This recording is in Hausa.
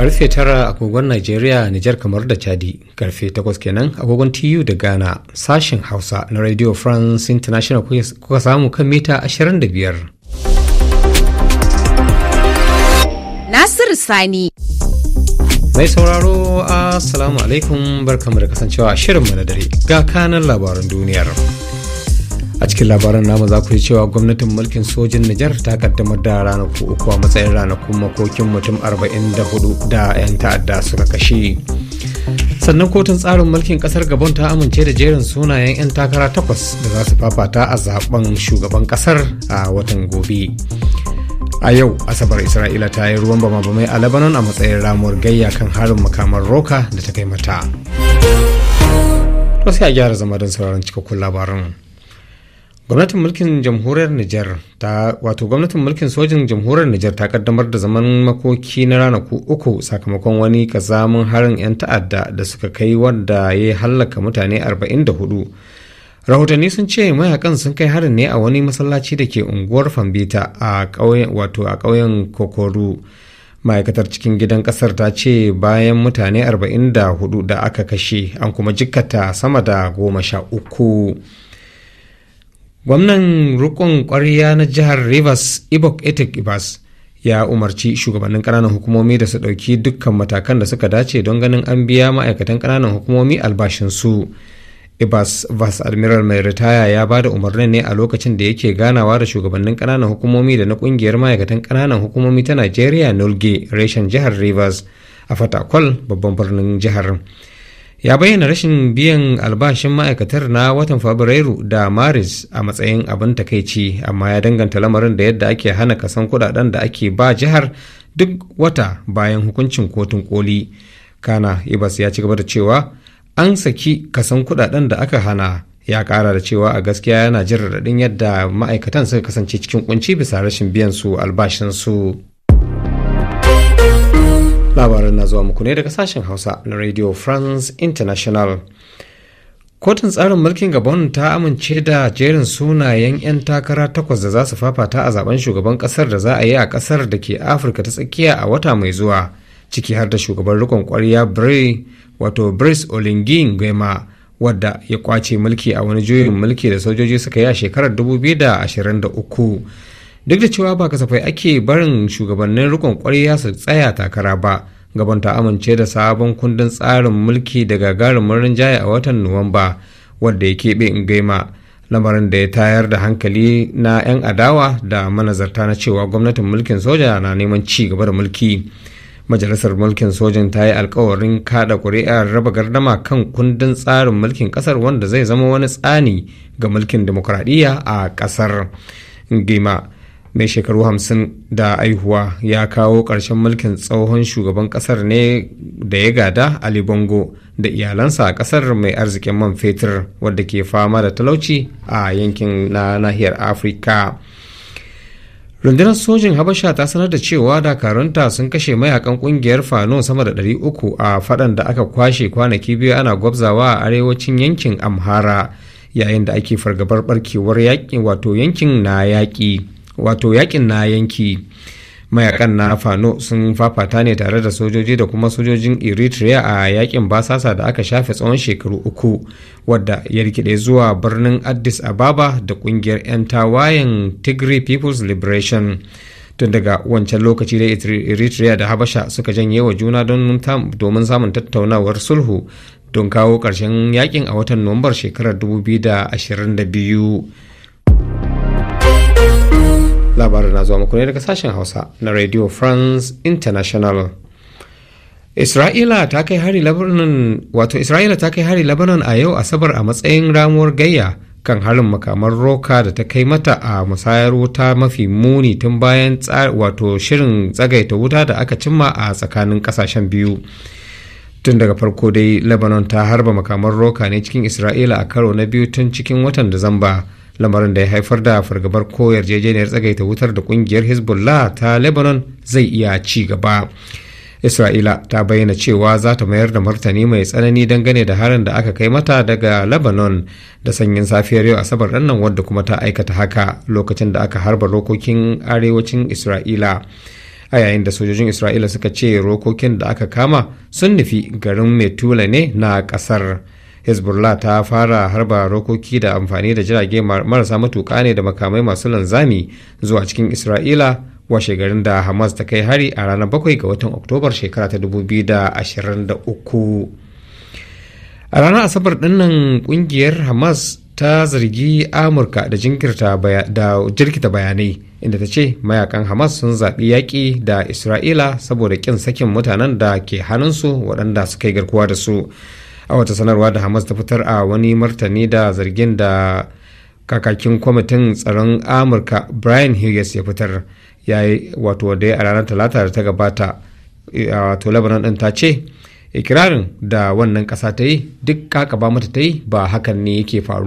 karfe tara agogon Najeriya, Nijar kamar da Chadi, karfe takwas kenan agogon TU da Ghana, sashen Hausa na Radio France International kuka samu kan mita 25. Nasiru Sani Mai sauraro Assalamu alaikum barkamu da kasancewa shirin na dare ga kanan labaran duniyar. a cikin labaran namu za ku yi cewa gwamnatin mulkin sojin Nijar ta kaddamar da ranaku uku a matsayin ranakun makokin mutum 44 da 'yan ta'adda suka kashe sannan kotun tsarin mulkin kasar gabon ta amince da jerin sunayen 'yan takara takwas da za su fafata a zaben shugaban kasar a watan gobe a yau asabar isra'ila ta yi ruwan bama-bamai a lebanon a matsayin ramuwar gayya kan harin mukamar roka da ta kai mata wasu gyara zama don sauraron cikakkun labaran gwamnatin mulkin jamhuriyar Nijar ta wato gwamnatin mulkin sojin jamhuriyar Nijar ta kaddamar da zaman makoki na ranaku uku sakamakon wani kazamin harin 'yan ta'adda da suka kai wanda ya hallaka mutane 44 rahotanni sun ce mayakan sun kai harin ne a wani masallaci da ke unguwar fambita a ƙauyen wato a ƙauyen kokoru ma'aikatar cikin gidan kasar ta ce bayan mutane 44 da aka kashe an kuma jikkata sama da goma sha uku gwamnan rukun kwarya na jihar rivers ibok etek ibas ya umarci shugabannin kananan hukumomi da su ɗauki dukkan matakan da suka dace don ganin an biya ma'aikatan kananan hukumomi albashinsu ibas vas admiral mai ritaya ya ba da umarnin ne a lokacin da yake ganawa da shugabannin kananan hukumomi da na kungiyar ma'aikatan kananan hukumomi ta nigeria nolge reshen jihar rivers a fatakwal babban birnin jihar ya bayyana rashin biyan albashin ma'aikatar na watan fabrairu da maris a matsayin abin takaici amma ya danganta lamarin da yadda ake hana kasan kudaden da ake ba jihar duk wata bayan hukuncin kotun koli kana ibas ya ci gaba da cewa an saki kasan kudaden da aka hana ya kara da cewa a gaskiya yana jin raɗaɗin yadda ma'aikatan suka kasance cikin kunci bisa rashin biyan su albashin su labaran na zuwa muku ne daga sashen hausa na radio france international kotun tsarin mulkin gabon ta amince da jerin sunayen 'yan takara takwas da za su fafata a zaben shugaban kasar da za a yi a kasar da ke afirka ta tsakiya a wata mai zuwa ciki har da shugaban rikon kwarya bray wato brice olingi gwema wadda ya kwace mulki a wani juyin mulki da sojoji suka yi a shekarar 2023 duk da cewa ba kasafai ake barin shugabannin rikon kwarya su tsaya takara ba gaban ta amince da sabon kundin tsarin mulki da gagarumin rinjaye a watan nuwamba wanda ya keɓe in gaima, lamarin da ya tayar da hankali na 'yan adawa da manazarta na cewa gwamnatin mulkin soja na neman ci gaba da mulki majalisar mulkin sojan ta yi alkawarin kada kuri'a raba gardama kan kundin tsarin mulkin kasar wanda zai zama wani tsani ga mulkin demokuraɗiyya a kasar gima mai shekaru hamsin da aihuwa ya kawo ƙarshen mulkin tsohon shugaban ƙasar ne da ya gada ali bongo da iyalansa a ƙasar mai arzikin man fetur wadda ke fama da talauci a yankin na nahiyar afirka rundunar sojin habasha ta sanar da cewa dakarunta sun kashe mayakan kungiyar fano sama da 300 a fadan da aka kwashe kwanaki biyu ana gwabzawa a arewacin yankin amhara yayin da ake fargabar barkewar yakin wato yankin na yaƙi wato yakin na yanki mayakan na fano sun fafata ne tare da sojoji da kuma sojojin eritrea a yakin basasa da aka shafe tsawon shekaru uku wadda ya rikide zuwa birnin addis ababa da kungiyar 'yan tawayen tigray people's liberation tun daga wancan lokaci da eritrea da habasha suka janye wa juna domin samun tattaunawar sulhu don kawo karshen yakin a watan nuwambar shekarar 2022 labarin na zuwa muku ne daga sashen hausa na radio france international isra'ila ta kai hari labanan wato isra'ila ta kai hari a yau asabar a matsayin ramuwar gayya kan harin makamar roka da ta kai mata a musayar wuta mafi muni tun bayan wato shirin tsagaita wuta da aka cimma a tsakanin kasashen biyu tun daga farko dai lebanon ta harba makamar roka ne cikin isra'ila a karo na biyu tun cikin watan disamba lamarin da ya haifar da fargabar ko yarjejeniyar tsagaita wutar da kungiyar hezbollah ta lebanon zai iya ci gaba isra'ila ta bayyana cewa za ta mayar da martani mai tsanani dangane da harin da aka kai mata daga lebanon da sanyin safiyar yau asabar nan wadda kuma ta aikata haka lokacin da aka harba rokokin arewacin isra'ila a yayin da sojojin isra'ila suka ce rokokin da aka kama sun nufi garin metula ne na kasar hezbollah ta fara harba rokoki da amfani da jirage marasa matuka ne da makamai masu lanzami zuwa cikin isra'ila washe garin da hamas ta kai hari a ranar 7 ga watan oktobar shekara ta 2023 a ranar asabar dinnan kungiyar hamas ta zargi amurka da jirkita bayanai inda ta ce mayakan hamas sun zaɓi yaƙi da isra'ila saboda ƙin sakin mutanen da ke hannunsu waɗanda suka yi garkuwa da su a wata sanarwa da hamas ta fitar a wani martani da zargin da kakakin kwamitin tsaron amurka brian hughes ya fitar ya yi wato da a ranar talata da ta gabata a wato lebanon ɗin ta ce ikirarin da wannan ƙasa ta yi duk kaka ba mata ta yi ba hakan ne yake faru